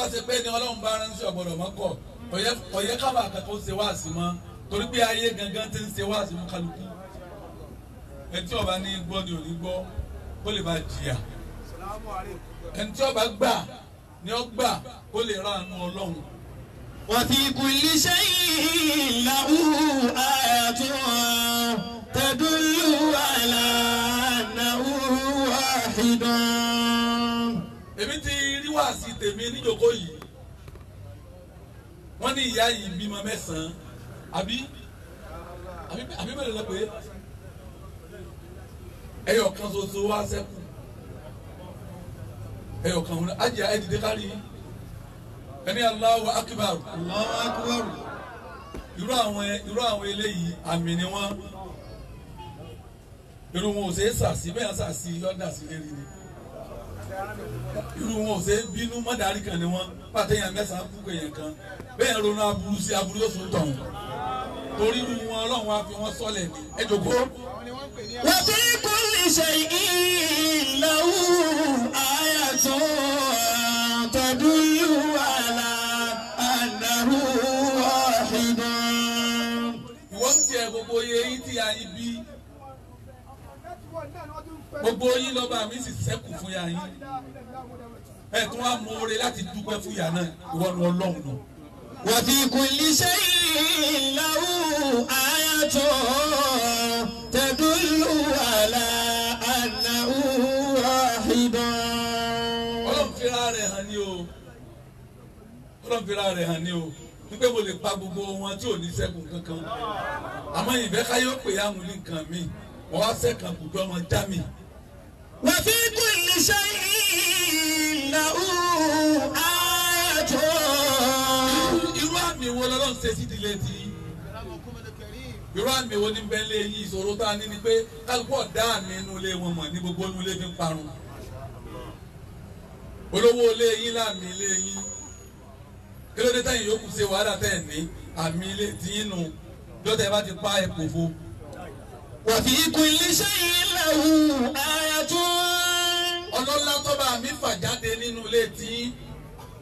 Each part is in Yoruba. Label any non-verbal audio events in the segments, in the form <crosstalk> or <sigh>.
bá ṣe pé ni ọlọ́run bá ránṣẹ́ ọ̀gbọ̀dọ̀ mọ́kọ̀ ọ̀yẹ́ kábà kankan ṣe wá sí mọ́ torí pé ayé gangan ti ń ṣe wá sí mú kálukú ẹtí ọba ní gbọ́ ni ò ní gbọ́ kó lè bá jìyà ẹtí ọba gbà ni ó gbà kó lè ránu ọlọ́run. wàfi kulli shay'in lahu ayatun tadullu ala annahu wahidun wáàsí tèmi níjòkó yìí wọ́n ní ìyá yìí bímọ mẹ́sàn-án àbí àbí mélòó lọ pé ẹyọ kan ṣoṣo wá sẹ́kù ẹyọ kan wọn ajá ẹ dìde kárí ẹni Allahu akbar Allahu akbar irú àwọn irú àwọn eléyìí àmì ni wọ́n irú wọn ò ṣe é sàsí bẹ́ẹ̀ sàsí yọ̀dà sí lérí ni irú wọn ò ṣe é bínú mọ́dàrí kan ni wọ́n pàtẹ́ yẹn án kú kẹ̀yẹ̀ kan bẹ́ẹ̀ ronú aburú sí aburú yóò sùn tọ̀hún torí irú wọn ọlọ́run á fi wọn sọ́lẹ̀ ní ẹ jòkó. wa fi kulli shay'in lahu ayatun tadullu ala annahu wahidun. ìwọ́n ti ẹ̀ gbogbo yẹ yín tí a yín bí gbogbo yín lọ́ba mi sì sẹ́kù fún ya yín ẹ̀ tún wá mú oore láti dúpẹ́ fún ya náà ìwọ ni ọlọ́run nù. wa fi kulli shay'in lahu ayatun tadullu ala annahu wahidun. ọlọ́run fira rẹ̀ hàn ní o ọlọ́run fira rẹ̀ hàn ní o wípé mo lè pa gbogbo wọn tí ò ní ṣẹ́gun kankan àmọ́ ìfẹ́ káyọ̀ pé àwọn ní mi wọ́n á sẹ́kàn gbogbo ọmọ já mi. وفي كل شيء irú àmì wo lọ́lọ́run bẹ́ẹ̀ lé yìí ìṣòro tá a ní ni pé kálukú ọ̀dá àmì inú ilé wọn mọ̀ ní gbogbo inú ilé fi ń parun olówó ilé yín láàmì ilé yín kí ló dé tẹ̀yìn yòókù ṣe wàhálà tẹ̀ ní àmì ilé tí yín nù lọ́tẹ̀ bá ti pa ẹ̀kọ́ fún wàfi ikú iléeṣẹ́ yìí lẹ́wù ayatún. ọlọ́lá tọ́ba mi fà jáde nínú ilé tí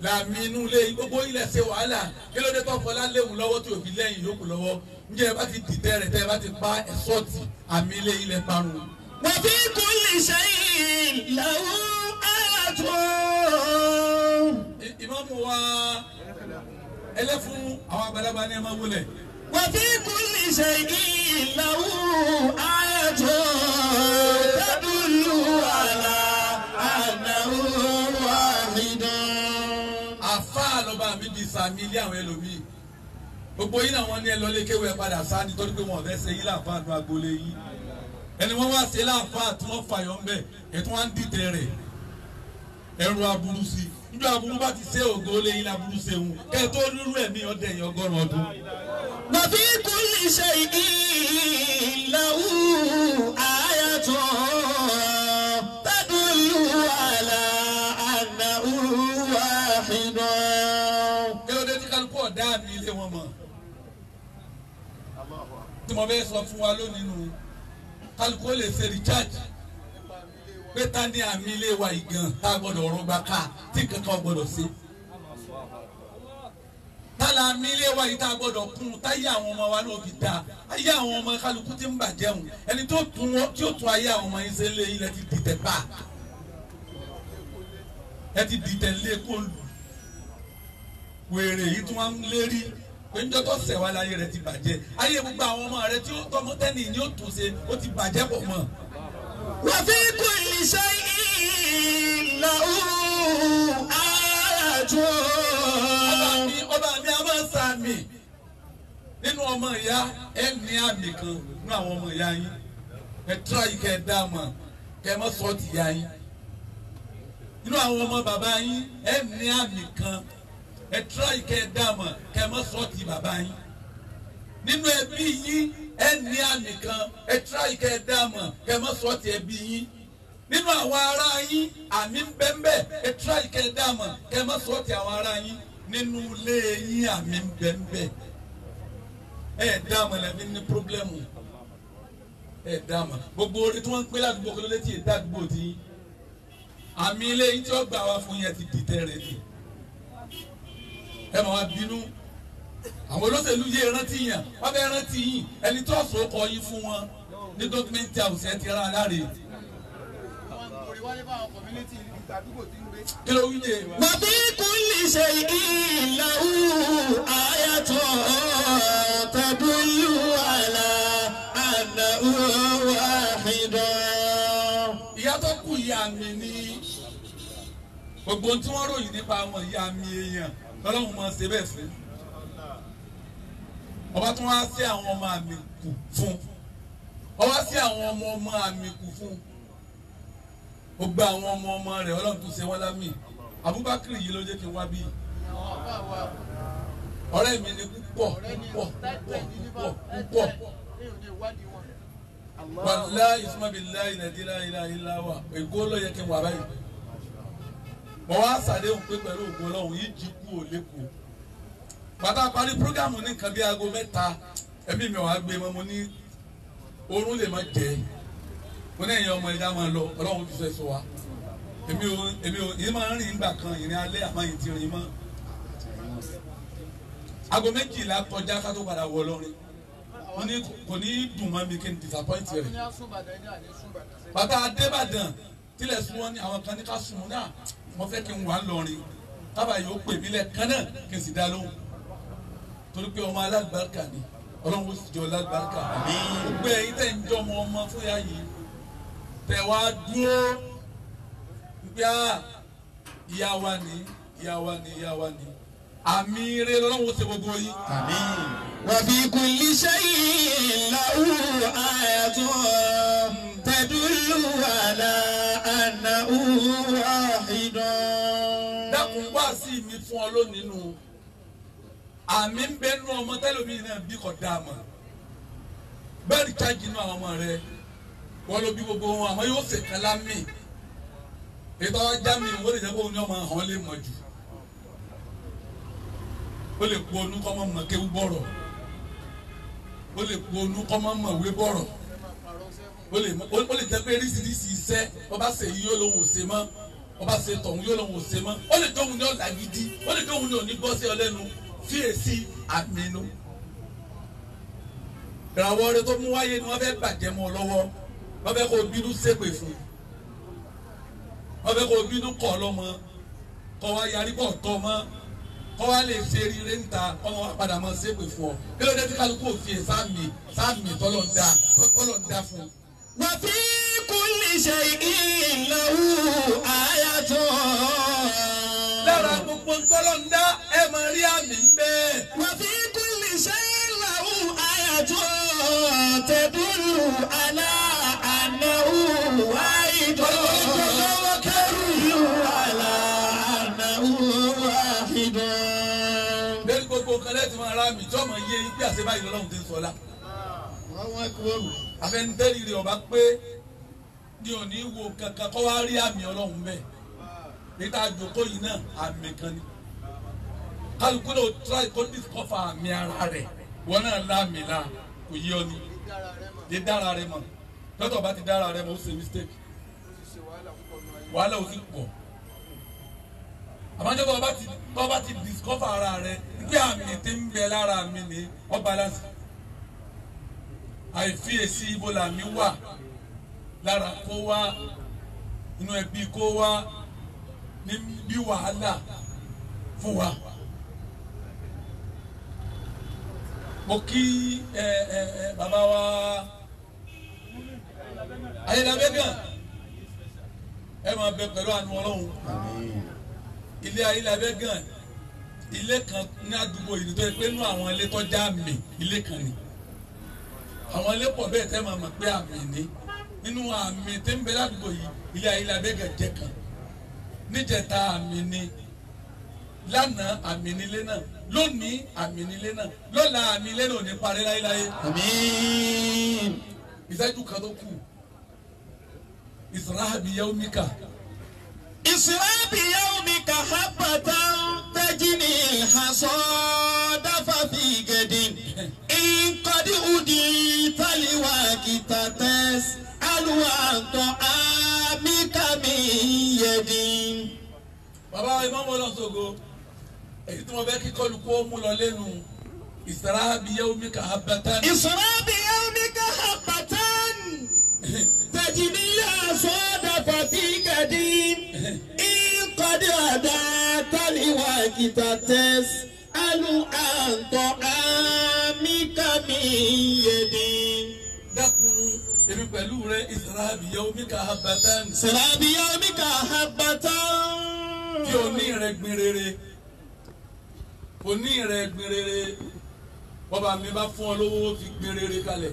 làmì inú ilé gbogbo ilẹ̀ ṣe wàhálà kí ló dé tó fọlá léwu lọ́wọ́ tí òfin lẹ́yìn yòókù lọ́wọ́ njẹ́ bá ti dìtẹ́ rẹ̀ tẹ́ bá ti pa ẹ̀sọ́ọ̀tì àmì ilé ilẹ̀ parun. wàfi ikú iléeṣẹ́ yìí lẹ́wù ayatún. ìmọ̀mù wa ẹlẹ́fun àwọn àgbàlagbà ni ẹ máa wọlé wa fi kulli shay'in lahu ayatun tadullu ala annahu wahidun. àfáà lọ́ba mi di sàmì ilé àwọn ẹlòmíì gbogbo yín làwọn ní ẹ lọ lékewé ẹ padà sá nítorí pé wọn ò fẹ́ ṣe yín láǹfààní nu agboolé yín ẹni wọn wá ṣe láǹfààní tí wọn fàyọ ń bẹ ẹtún wá ń dìtẹ̀ ẹrù aburú sí i níjọ aburú bá ti ṣe ògo lé yín láburú ṣe òun kẹ tó ẹ̀mí ọdẹ yìí ọgọ́rùn ọdún. وفي كل شيء له آية تدل على أنه واحد. kí ló dé tí kálukú ọ̀dá mi ilé wọn mọ̀ tí mo bẹ́ẹ̀ sọ fún wa lónìí nù kálukú ó lè ṣe rìcháàjì pé ta ni àmì ilé wa ìgàn tá a gbọ́dọ̀ rọgbà ká tí kankan gbọ́dọ̀ ṣe tálà nílé wa yìí tá a gbọ́dọ̀ kún táyé àwọn ọmọ wa náà fi da ayé àwọn ọmọ kálukú ti ń bàjẹ́ òun ẹni tó tún wọn tí ó tún ayé àwọn ọmọ yìí ṣe lé ilẹ̀ ti dìtẹ̀ pa ẹ ti dìtẹ̀ lé kó lù wèrè yìí tí wọ́n ń lérí pé ń jọ́tọ̀ sẹ̀ wá láyé rẹ̀ ti bàjẹ́ ayé gbogbo àwọn ọmọ rẹ̀ tí ó tọmọ tẹ́nì ni ó tún ṣe ó ti bàjẹ́ pọ̀ mọ́. wa fi kulli shay'in lahu ayatun àmì nínú ọmọ ìyá ẹ ní àmì kan nínú àwọn ọmọ ìyá yín ẹ tíra yìí kẹ ẹ dá mọ̀ kẹ ẹ mọ sọ ti ìyá yín nínú àwọn ọmọ bàbá yín ẹ ní àmì kan ẹ tíra yìí kẹ dá mọ̀ kẹ mọ sọ ti bàbá yín nínú ẹbí yín ẹ ní ẹ tíra yìí kẹ dá mọ̀ kẹ mọ sọ ti ẹbí yín nínú àwọn ará yín àmì ń bẹ́ńbẹ́ ẹ tíra yìí kẹ dá mọ̀ kẹ mọ sọ ti àwọn ará yín nínú ilé yín àmì bẹ́ẹ̀nbẹ́ ẹ̀ dá mọ̀lẹ́bí ní pírọ́blẹ́mù ẹ̀ dá mọ̀ gbogbo orí tí wọ́n ń pè ládùúgbò kí ló lè ti dá àdúgbò tí àmì ilé yín tí ó gbà wá fún yẹn ti dìtẹ́ rẹ̀ ni ẹ máa bínú àwọn olóṣèlú yé rántí yàn wọ́n bẹ́ẹ̀ rántí yín ẹni tó sọ kọ yín fún wọn ní dókítà ọ̀sẹ̀ ti rán aláre wà bí kulli shay'in lahu ayatun tadullu ala annahu wahidun. ìyá tó kù ìyá mi ní gbogbo tí wọ́n ròyìn nípa àwọn ìyá mi èèyàn lọ́lọ́run máa ṣe bẹ́ẹ̀ fún ọba tí wọ́n á sí àwọn ọmọ àmì kù fún ọba sí àwọn ọmọ ọmọ àmì kù fún un gbogbo àwọn ọmọ ọmọ rẹ̀ ọlọ́run tó ṣe wọ́n lámì Abubakar yìí ló jẹ́ kí n wá bí ọ̀rẹ́ mi ni púpọ̀ púpọ̀ púpọ̀ púpọ̀ wàlá ìsúmọ́bìlá ìnàdílá ìlà ìlà wa ègó ló yẹ kí n wà báyìí mo wá ṣàdéhùn pé pẹ̀lú ògùn ọlọ́run yìí jí kú ò lẹ́kọ̀ọ́ bàtà parí programu ní nǹkan bí aago mẹ́ta ẹbí mi wàá gbé mọ́ mo ní oorun lè má jẹ́ mo ní ẹ̀yin ọmọ ẹja máa lọ ọlọ́run ti fẹ́ sọ wa èmi ò èmi ò yìí máa ń rìn ìgbà kan ìrìn alẹ́ àmọ́ yìí ti rìn mọ́ aago méjìlá kọjá ká tó padà wọ lọ́rin mo ní kò ní dùn mọ́ mi kí n disappoint rẹ̀ bàtà adébàdàn tilẹ̀ sún wọn ni àwọn kan ní ká sùn náà ah, mo fẹ́ kí n wà lọ́rin tábà yóò pè mí lẹ́ẹ̀kan náà kí n sì dá lóhùn torí pé ọmọ alábàárkà ni ọlọ́run ó sì jọ alábàárkà gbogbo ẹ̀yin tẹ̀ ń jọ ọmọ ọmọ fúyà yìí tẹ̀ wá dúró wípé ah, ìyá wa ni ìyá wa ni ìyá wa ni àmì ire lọ́wọ́ ṣe gbogbo yín. wàbí kulli shay'in lahu ayatun tadullu ala annahu wahidun. dákun wá sí mi fún ọ lónìí nù àmì ń bẹnu ọmọ tẹlifíìn náà bí kò dáa mọ bẹ́ẹ̀ ni chájì náà ọmọ rẹ wọ́n ló bí gbogbo wọn àwọn yóò ṣe kálá mi ìtọ́ jámi ó lè jẹ́ kó ní ọmọ àwọn lè mọ̀ jù ó lè po onú kọ́ mọ́ mọ́ kéwú bọ̀rọ̀ ó lè po onú kọ́ mọ́ mọ́ wé bọ̀rọ̀ ó lè jẹ́ pé ríṣiríṣi iṣẹ́ ọba ṣe yí yóò lòun ò ṣe mọ́ ọba ṣe tọ̀hún yóò lòun ò ṣe mọ́ ó lè dóhun ní ọ̀la gidi ó lè dóhun ní òní gbọ́ sí ọlẹ́nu fíyèsí àmínú ìràwọ̀ rẹ tó mú wáyé ni wọ́n fẹ́ bàjẹ́ mọ́ ọ lọ́wọ́ wọ́n fẹ́ kó bínú ṣépè fún wọ́n fẹ́ kó bínú kọ́ lọ́mọ kọ́ wa yarí bọ̀ tọ́ mọ́ kọ́ wa lè ṣe rire níta ọmọ wa padà mọ́ ṣépè fún ọ kí ló dé tí kálukú òfin sáàmì sáàmì tọ́lọ̀ ń da tọ́lọ̀ ń da fún. wà á fi kulli shay'in lahu ayatun. lára gbogbo tọ́lọ̀ ń dá ẹ máa rí àmì ń bẹ́ẹ̀. wà á fi kulli shay'in lahu ayatun tadullu ala. àṣẹ báyìí lọ́lọ́run ti ń sọlá. Ah, àfẹnitẹ́rì rẹ̀ ọba pé ní òní wo kankan kọ́ wá rí àmì ọlọ́run bẹ́ẹ̀ ah. níta àjòkó yìí náà àmì kan ni kálukú náà tíráì kó dìskọ́fà àmì ara rẹ̀ wọn náà láàmì la kò yí ọ ni lè dára rẹ mọ̀ lọ́tọ̀ bá ti dára rẹ mọ̀ ó ṣe mistake wàhálà ó sì pọ̀ àmọ́ jẹ́ bọ́ọ̀ bá ti kọ́fà ara rẹ bí àmì tí ń bẹ lára mi ni ọba láti àìfiyèsí ibo làmì wà lára kó wá inú ẹbí kó wá ní bí wàhálà fún wa. mo kí ẹ ẹ ẹ bàbá wa ayélujára ẹ máa bẹ pẹ̀lú àánú ọlọ́run ilé ayélujára gan ilé kan ní àdúgbò yìí tó pé nú àwọn ilé tó já àmì ilé kan ni àwọn ilé pọ̀ bẹ́ẹ̀ tẹ́ máa pé àmì ni nínú àmì tó ń bẹ ládùúgbò yìí ilé ayé labẹ́gẹ̀ jẹ́ kan níjẹta àmì ni lánàá àmì nílé náà lónìí àmì nílé náà lọ́la àmì nílé náà ò ní parí láéláé. àmín. ìṣẹ́jú kan tó kù ìsirá bíi yẹ́wó kà. ìsirá bíi yẹ́wó kà hábàtà ajini hasọ́dá fàfi gedin, ìkọ́dí udi taliwa kìtà tẹ́s aluwa tọ́ amíkàmí yẹ̀dìn. bàbá wa ìmọ̀ mọ́lọ́ sọ́gọ́ èyí tí wọ́n fẹ́ kí kọlu kó mú lọ lẹ́nu ìsirá bíyẹ́ omi kà á bàtán. ìsirá bíyẹ́ omi kà á bàtán. <laughs> tẹ̀jìníyà sọ́dá fàfi gẹ̀dìn ìkọ́dí ọ̀dà. إذا تسأل عن طعامك من يدي èmi pẹ̀lú rẹ ìsirabi yaumika habatan. ìsirabi yaumika habatan. kí o ní rẹ gbin rere o ní rẹ gbin rere mi bá fún ọ lówó fi gbin rere kalẹ̀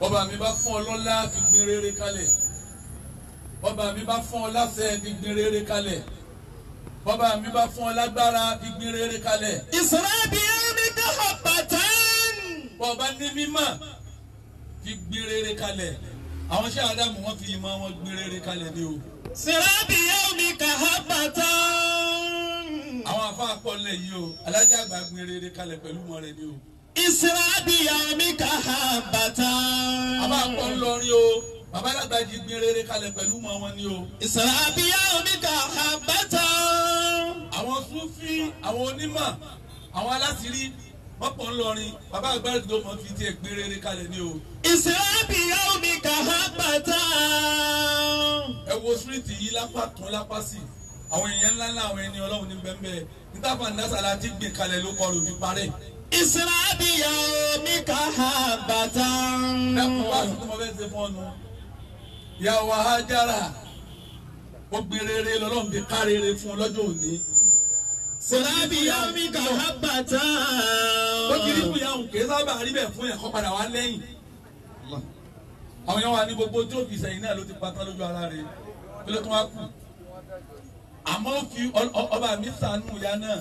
bọ́ba mi bá fún ọ lọ́lá fi gbin rere kalẹ̀ bọ́ba mi bá fún ọ láṣẹ fi gbin kalẹ̀ bọ́ba mi bá fún ọ lágbára gbígbín rere kalẹ̀. ìsọ̀rọ̀ bí ẹni dáhà bàtán. bọ́ba ní mímọ́ gbígbín rere kalẹ̀ àwọn ṣé Ádámù wọn fi ìmọ̀ wọn gbín rere kalẹ̀ ni o. sìrọ́bì ẹ̀mí kàhá bàtán. àwọn afáà pọ̀ lẹ̀ yìí o alájà àgbà gbín rere kalẹ̀ pẹ̀lú mọ́ rẹ̀ ni o. ìsìrọ́bì ẹ̀mí kàhá bàtán. àbá pọ̀ ńlọrin o bàbá Lagbaji gbin rere kalẹ̀ pẹ̀lú mọ́ wọn ni o. ìsọ̀rọ̀ àbíyá omi kà á bàtà. àwọn Sufi àwọn onímọ̀ àwọn aláṣírí wọ́n pọ̀ ń lọrin bàbá Lagbaji tó mọ̀ fi tiẹ̀ gbin rere kalẹ̀ ni o. ìsọ̀rọ̀ omi kà á bàtà. ẹ wo síríìtì yìí lápá tún lápá sí àwọn èèyàn ńláńlá àwọn ẹni ọlọ́run ní bẹ́ẹ̀ níta fàǹdásà la ti gbìn kalẹ̀ ló kọ́ ló fi parẹ́. ìsìlámù omi kà á bàtà. ẹ kò wá àtúntò mọ́ bẹ́ẹ̀ ṣe fún ọ yàwá Hajara obìnrin rere lọ́lọ́run fi kárere fún ọ lọ́jọ́ òní. sọlábì yomi kàwá bàtà. ó kiri fún yahoo kì í sábà rí bẹ́ẹ̀ fún ẹ̀kọ́ padà wá lẹ́yìn. àwọn yẹn wà ní gbogbo tí òfin sẹ́yìn náà ló ti pátá lójú ara rẹ̀ kí ló tún wá kù. àmọ́ ó fi ọba mi sànú ìyá náà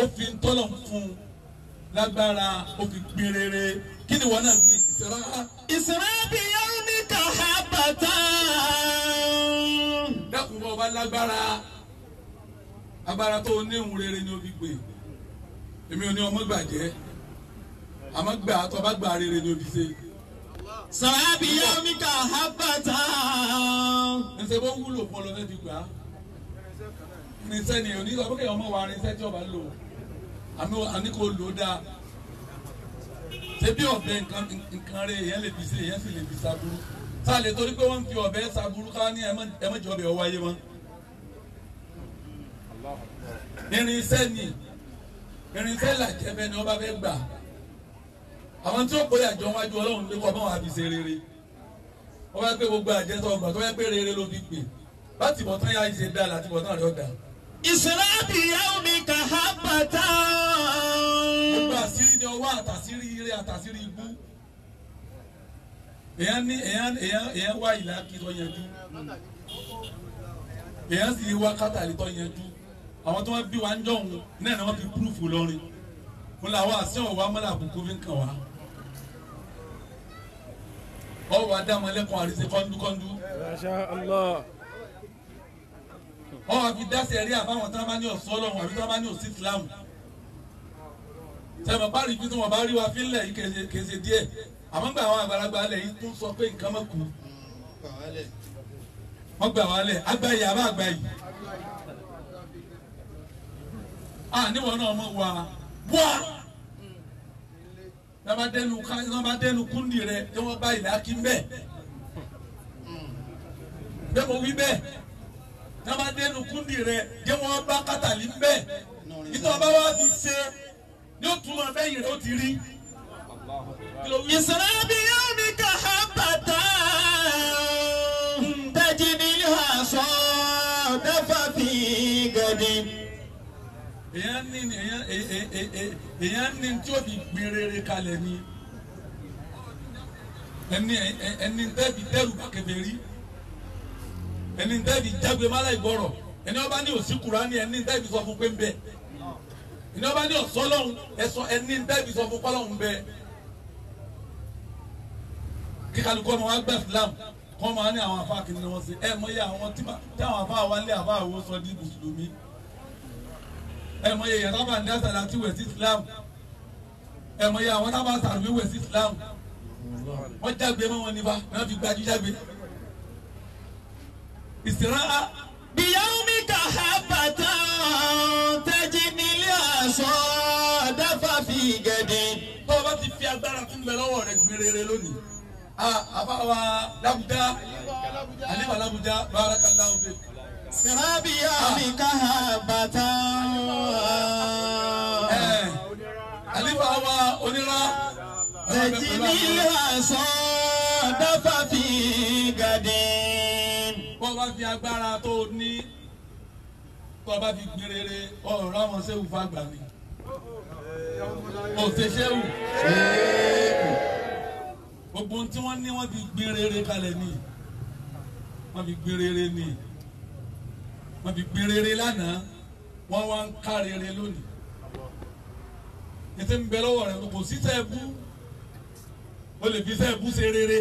ó fi ń tọ́lọ̀ fún un lágbára ó fi gbin kí ni wọn náà gbin ìsirá. ìsirá bí yọ kàhábàtà. dákun bọ́ ọba lágbára agbára tó o níhun rere ni o fi gbè èmi ò ní ọmọ gbàjẹ́ àmọ́ gbà tó bá gbà rere ni o fi ṣe. sàbí yomi kàhábàtà. ẹsẹ̀ bó wúlò fún ọ ti gbà á ni òní sọ pé ọmọ wa irinṣẹ́ tí ọba lò àmì àníkò lò ó dáa ṣé bí ọ̀bẹ nǹkan rẹ̀ èèyàn lè fi ṣe èèyàn sì lè fi ṣàbúrú ta lè torí pé wọ́n fi ọ̀bẹ ṣàbùrú ká ní ẹ̀mọ́jì ọ̀bẹ ọwọ́ ayé wọn. irinṣẹ́ ni irinṣẹ́ làjẹ́bẹ́ ni wọ́n bá fẹ́ gbà àwọn tí ó kó yàjọ wájú ọlọ́run lé kọ́ bá wọn àfi ṣe rere wọ́n bá gbé gbogbo àjẹsọ ọgbà tó yẹ pé rere ló fi gbè láti bọ̀ tán yá ṣe dá láti bọ̀ tán rẹ̀ ọ̀dà. ìsìláàbì yẹ́wò mi kà á bàtà. gbogbo àṣírí ni ọwọ́ àtàṣírí ire àtàṣírí ibú èèyàn ní èèyàn èèyàn wá ìlà kìtọ́ yanjú èèyàn sì wá kátàlítọ́ yanjú àwọn tó wá bí wa ń jọ òun náà ni wọ́n fi púrúfù lọ́rin wọn làwọn àṣẹwọ̀n wa mọ́lá àbùkù fi ń kàn wá ọwọ́ adámọ̀lẹ́kùn àrísẹ́ kọ́ńdúkọ́ńdú ọwọ́ àfi dáṣẹ̀ rí àbáwọn tí wọ́n bá ní ọ̀sọ́ ọlọ́run àbí tí wọ́n bá ní òsì Islam tẹ̀mọ̀ bá rí ibi wọ́n bá rí wa fílẹ̀ yìí kèsè díẹ̀ àmọ́ gba àwọn àgbàlagbà alẹ̀ yìí tún sọ pé nǹkan mọ̀ kú wọ́n gbà wá lẹ̀ agbáyé àbá àgbáyé à níwọ̀n náà mọ̀ wá wá lọ́ba dẹnu ká lọ́ba dẹnu kúndì rẹ tí wọ́n bá ilẹ̀ akí mbẹ́ bẹ́ẹ̀ mo wí bẹ́ẹ̀ lọ́ba dẹnu kúndì rẹ tí wọ́n bá kátàlí mbẹ́ ìtọ́ ọba wa fi ṣe ní o túmọ̀ bẹ́yìn rẹ ti rí. يسرى بيومك حبة تجني لها صادف ní tí ó fi kalẹ̀ ni ẹni ẹni tẹ́bi tẹ́rù bàkẹ́bẹ̀ rí ẹni tẹ́bi jágbe mọ́lá ìgbọ́rọ̀ ẹni ọba ní òsì Kùránì ẹni tẹ́bi sọ fún pé ń bẹ ẹni ọba ní ọ̀sọ́ ẹni tẹ́bi sọ fún pọ́lọ́hùn bẹ́ẹ̀ kí kálukú ọmọ wa gbẹ Islam kọ́ máa ní àwọn afá kìnìún wọn sí ẹ mọyé àwọn tí àwọn afá wa lé afá àwo sọ di mùsùlùmí ẹ mọyé yẹn tábà ń dásà láti wẹ̀ sí Islam ẹ mọyé àwọn tábà sàrùmí wẹ̀ sí Islam wọ́n jágbe mọ́ wọn nípa náà fi gbajú jágbe ìsìnrán bíyàwó mi kà á bàtà tẹ́jì nílé àṣọ dáfà fi gẹ̀dẹ̀. tó o bá ti fi agbára tó bẹ lọ́wọ́ rẹ̀ gbèrèrè lónìí àbáwa làbújá àlìmọ̀ làbújá barakallahu eh, fi. sirabiya mi ka ha bàtà. àlìmọ̀ wa onírà. tẹ̀jìlì àṣọ dáfà fi gàdé. wọ́n bá fi agbára tó ní tó bá fi gbin rere ọ̀rọ̀ àwọn sẹ́wù fagbà ni. òṣèṣẹ́wù gbogbo ohun tí wọ́n ní wọ́n ti gbé rere kalẹ̀ ni wọ́n fi gbé rere ni wọ́n fi gbé rere lánàá wọ́n wá ń ká rere lónìí ètò ń bẹ lọ́wọ́ rẹ̀ kò sí sẹ́ẹ̀ bú o lè fi sẹ́ẹ̀ bú ṣe rere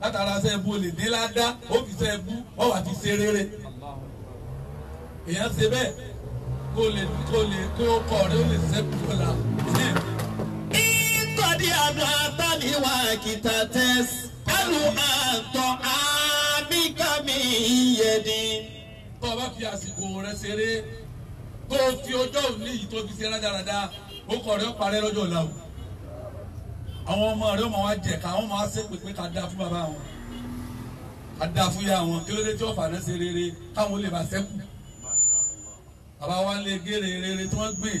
látara sẹ́ẹ̀ bú o lè ní ládá o fi sẹ́ẹ̀ bú ọ wà fi ṣe rere èèyàn ṣe bẹ́ẹ̀ kó o lè kó o lè kó o kọ̀ rẹ̀ o lè sẹ́kù kó o là. الذي أطعتني وكتتس ẹnu àtọ̀ àbíkàmí yẹdi. tó o bá fi àsìkò rẹ ṣeré tó o fi ọjọ́ òní yìí tó o fi ṣe rádaràda ó kọ̀ rẹ́ ó parẹ́ lọ́jọ́ ọ̀la o. àwọn ọmọ rẹ ọmọ wa jẹ̀ka àwọn ọmọ wa ṣépè pé ká da fún bàbá wọn ká da fún ya wọn kí ló dé tí ọ̀fà náà ṣe rere káwọn lè bá ṣẹ́kù. bàbá wa ń lè gèrè rere tí wọ́n gbé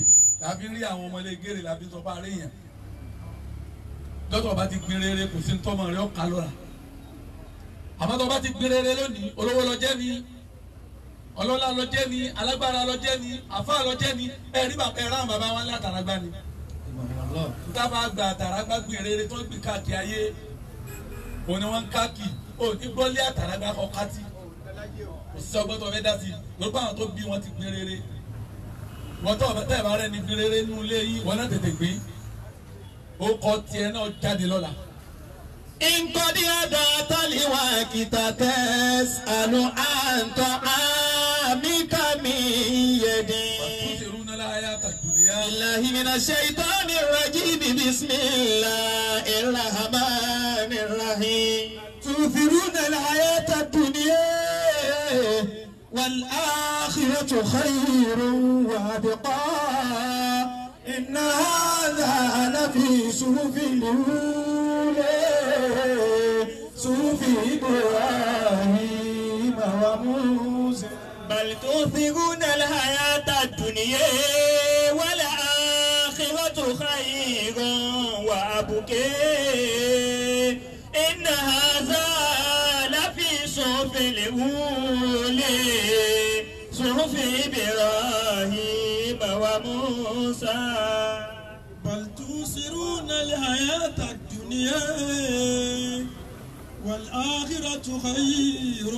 làbí rí àwọn ọmọ lè gèrè làbí sọ pé àríyàn dọ́tọ̀ bá ti gbin rere kò sí ní tọ́mọ rẹ ọ̀ka lọ́ra àmọ́ tó bá ti gbin rere lónìí olówó lọ jẹ́ ni ọlọ́lá lọ jẹ́ ni alágbára lọ jẹ́ ni àfáà lọ jẹ́ ni ẹ̀rí bàbá ẹ̀rá àwọn bàbá wa ní àtàràgbá ni tábà gba àtàràgbá gbin rere tó gbin káàkiri ayé òun ni wọ́n ń káàkiri òní gbọ́lé àtàràgbá ọ̀kátì òṣìṣẹ́ ọgbọ́tọ̀ fẹ́ dá sí gbogbo àwọn tó bí wọn ti gbin rere wọ́n tọ́ ọ̀bẹ tẹ́ẹ̀ bá rẹ̀ ní gbin rere nínú ilé yìí wọ́n náà tètè gbin ó kọ tiẹ̀ náà jáde lọ́la. nkọ́dí ọ̀dà tọ́líwá kìtà tẹ́s àlù àǹtọ̀ àmìkàmì yẹ̀dí. الله من الشيطان الرجيم بسم الله الرحمن الرحيم تؤثرون الحياة الدنيا والآخرة خير وأبقى إن هذا لفي صحف الأولى صحف إبراهيم وموسى بل تؤثرون الحياة الدنيا والآخرة خير وأبكي إن هذا لفي صحف الأولى في إبراهيم وموسى بل توصرون الحياة الدنيا والآخرة خير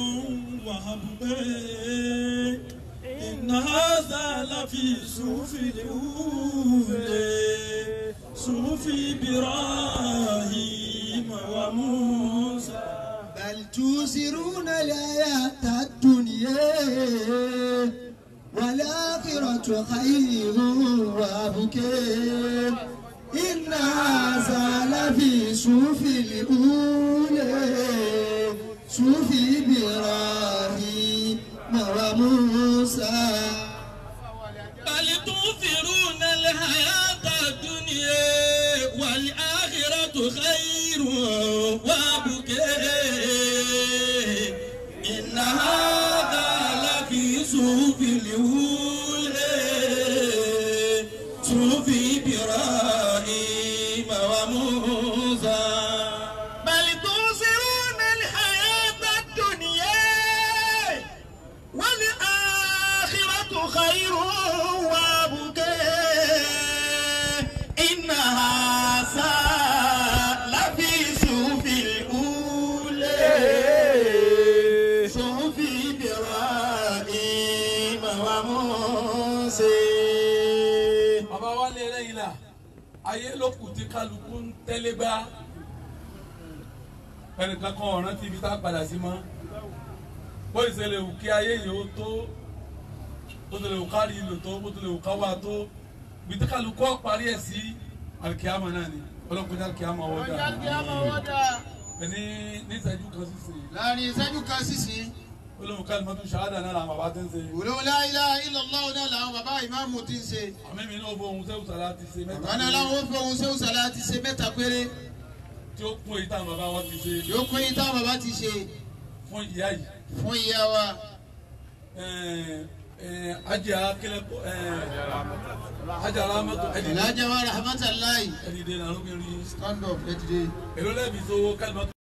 وأبقى إن هذا لفي صحف الأولى صحف إبراهيم وموسى بل توصرون الحياة الدنيا والآخرة خير وأبكي إن زال في صوف الأولى صوف إبراهيم وموسى tẹ́lẹ́gbá ẹnìkan kan ọ̀ràn tí ibi tá a padà sí mọ́ bó ìṣẹ̀lẹ̀ òkè ayé yìí ó tó bó tilẹ̀ òkà rí ìlò tó bó tilẹ̀ òkà wà tó gbìtẹ́kàlùkọ́ parí ẹ̀ sí alikiyama náà ni ọlọ́kùnrin alikiyama wọ́dà ẹni ní ìṣẹ́jú kan sísè. láàrin ìṣẹ́jú kan sísè olóhùn kalimatu ṣahada náà làwọn bàbá ti ń ṣe. olóhùn la ilaha illallah náà làwọn bàbá ìmáàmù ti ń ṣe. àmì mi náà fọwọ́n sẹ́wù sàlá ti ṣe mẹ́ta. àmì náà wọ́n fọwọ́n sẹ́wù sàlá ti ṣe mẹ́ta péré. tí ó kún èyí táwọn bàbá wa ti ṣe. yóò kún èyí táwọn bàbá ti ṣe. fún ìyá yìí. fún ìyá wa. ajá kẹlẹ kọ ajá rahmatu. ìlàjà wa rahmatulahi. ẹni dé